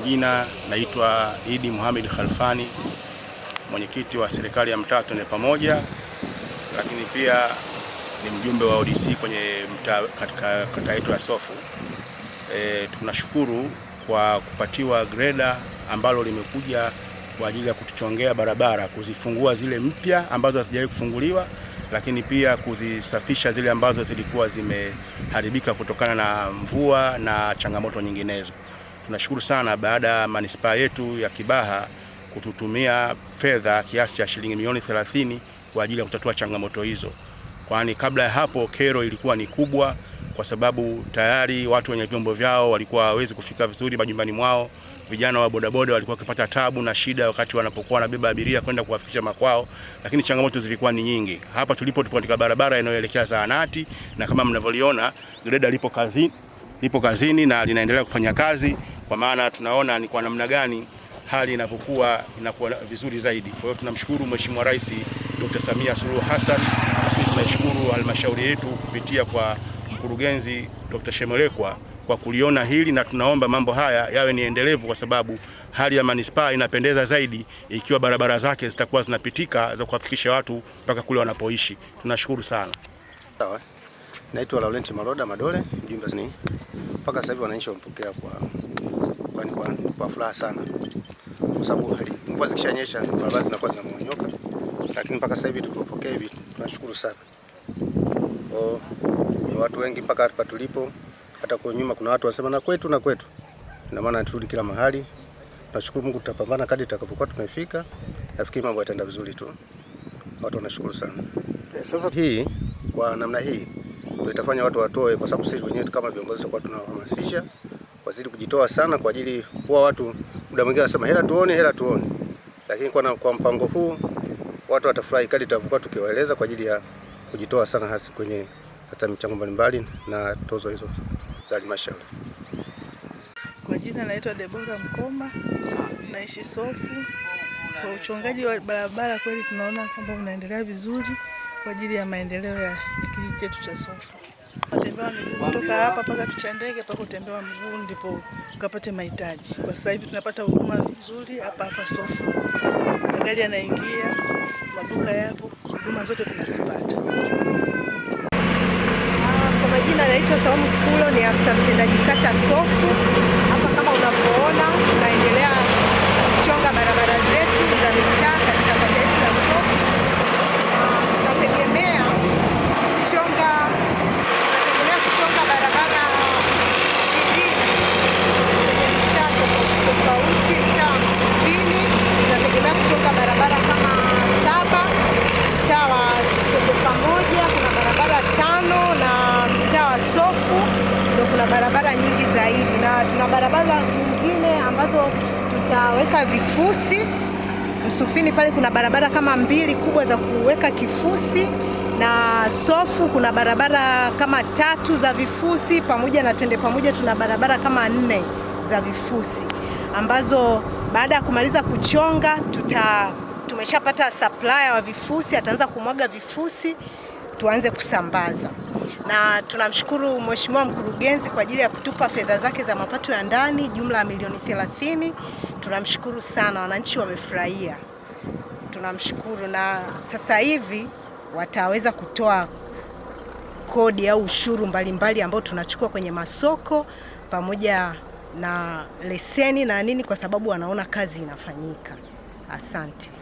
majina naitwa Idi Muhammad Khalfani, mwenyekiti wa serikali ya mtaa Tone Pamoja, lakini pia ni mjumbe wa ODC kwenye mtaa katika kata yetu ya Sofu. E, tunashukuru kwa kupatiwa greda ambalo limekuja kwa ajili ya kutuchongea barabara, kuzifungua zile mpya ambazo hazijawahi kufunguliwa, lakini pia kuzisafisha zile ambazo zilikuwa zimeharibika kutokana na mvua na changamoto nyinginezo. Tunashukuru sana baada ya manispaa yetu ya Kibaha kututumia fedha kiasi cha shilingi milioni 30 kwa ajili ya kutatua changamoto hizo, kwani kabla ya hapo kero ilikuwa ni kubwa, kwa sababu tayari watu wenye vyombo vyao walikuwa hawawezi kufika vizuri majumbani mwao. Vijana wa bodaboda walikuwa wakipata tabu na shida wakati wanapokuwa wanabeba abiria kwenda kuwafikisha makwao, lakini changamoto zilikuwa ni nyingi. Hapa tulipo tupo katika barabara inayoelekea zahanati, na kama mnavyoliona greda lipo kazini, lipo kazini na linaendelea kufanya kazi kwa maana tunaona ni kwa namna gani hali inavyokuwa inakuwa vizuri zaidi. Kwa hiyo tunamshukuru Mheshimiwa Rais Dr. Samia Suluhu Hassan, tunashukuru halmashauri yetu kupitia kwa mkurugenzi Dr. Shemelekwa kwa kuliona hili na tunaomba mambo haya yawe ni endelevu, kwa sababu hali ya manispaa inapendeza zaidi ikiwa barabara zake zitakuwa zinapitika za kuwafikisha watu mpaka kule wanapoishi. Tunashukuru sana. Sawa, naitwa Laurent Maloda Madole, mjumbe mpaka sasa hivi wananchi wamepokea kwa kwa kwa, kwa furaha sana, kwa sababu mvua zikishanyesha barabara zinakuwa zinamonyoka, lakini mpaka sasa hivi tulipokea hivi tunashukuru sana kwa watu wengi mpaka hapa tulipo. Hata kwa nyuma kuna watu wasema na kwetu na kwetu, na maana turudi kila mahali. Tunashukuru Mungu, tutapambana kadri tutakapokuwa tumefika. Nafikiri mambo yataenda vizuri tu, watu wanashukuru sana. Sasa hii kwa namna hii ndio itafanya watu watoe, kwa sababu sisi wenyewe kama viongozi tutakuwa tunawahamasisha wazidi kujitoa sana, kwa ajili huwa watu muda mwingine wanasema hela tuone, hela tuone, lakini kwa, kwa mpango huu watu watafurahi kadi tutakuwa tukiwaeleza kwa ajili ya kujitoa sana hasa kwenye hata michango mbalimbali na tozo hizo za halmashauri. Kwa jina naitwa Debora Mkoma, naishi Sofu. Kwa uchongaji wa barabara kweli tunaona kwamba unaendelea vizuri kwa ajili ya maendeleo ya kijiji chetu cha Sofu. Natembea miguu kutoka hapa mpaka Tuchandege mpaka kutembea miguu ndipo ukapate mahitaji. Kwa sasa hivi tunapata huduma nzuri hapa hapa sofu magari yanaingia, maduka yapo, huduma zote tunazipata. Kwa majina anaitwa Saumu Kulo, ni afisa mtendaji kata Sofu. Hapa kama unavyoona tunaendelea barabara nyingi zaidi, na tuna barabara nyingine ambazo tutaweka vifusi. Msufini pale kuna barabara kama mbili kubwa za kuweka kifusi, na Sofu kuna barabara kama tatu za vifusi, pamoja na Twende Pamoja tuna barabara kama nne za vifusi ambazo baada ya kumaliza kuchonga tuta tumeshapata supplier wa vifusi, ataanza kumwaga vifusi tuanze kusambaza na tunamshukuru Mheshimiwa mkurugenzi kwa ajili ya kutupa fedha zake za mapato ya ndani jumla ya milioni 30. Tunamshukuru sana, wananchi wamefurahia, tunamshukuru. Na sasa hivi wataweza kutoa kodi au ushuru mbalimbali ambao tunachukua kwenye masoko pamoja na leseni na nini, kwa sababu wanaona kazi inafanyika. Asante.